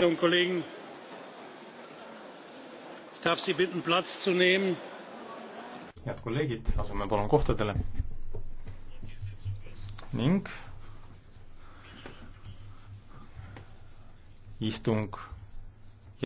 kolleginnen und kollegen! ich darf sie bitten platz zu nehmen. head kolleegid asume palun kohtadele ning istung